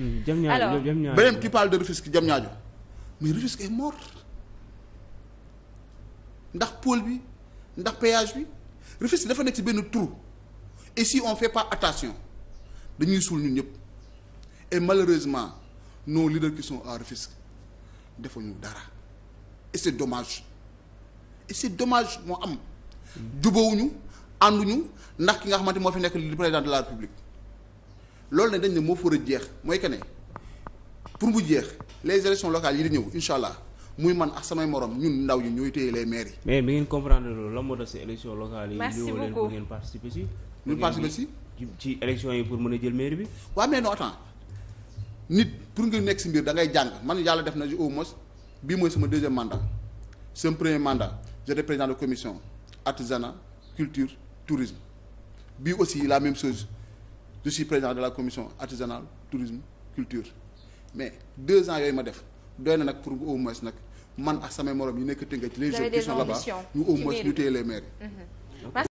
Hmm, alors beneen qui parle de Rufisque Diamniadio mais Rufisque est mort ndax pôle bi ndax péage bi Rufisque dafa nekk ci benn trou et si on fait pas attention dañuy suul ñun ñëpp et malheureusement noo lii qui sont à Rufisque defuñu dara et c'est dommage et c'est dommage moo am hmm. jubawuñu ànduñu ndax ki nga xamante moo fi nekk le président de la République loolu nag dañ ne moo far a jeex mooy que ne pour mu jeex les élections locales yi di ñëw incha allah muy man ak samay morom ñun ndaw ñi ñooy téye les maires yi. mais bi ngeen comprendre loolu lan moo tax si élections locales yi. merci beaucoup ngeen participer si. ñu participer si. ci élections yi pour mën a jël maire bi. waaw mais non attends nit pour nga nekk si mbir da ngay jàng man yàlla def na au moins bi mooy sama deuxième mandat sama premier mandat j'étais président de commission artisanat culture tourisme bii aussi la même chose. je suis président de la commission artisanale tourisme culture mais deux ans yooyu ma def doy na nag pour au moins nag man ak samay morom yi nekk Tëngéej ci jeunes qui sont là-bas ñu au moins ñu téye les maires mhm.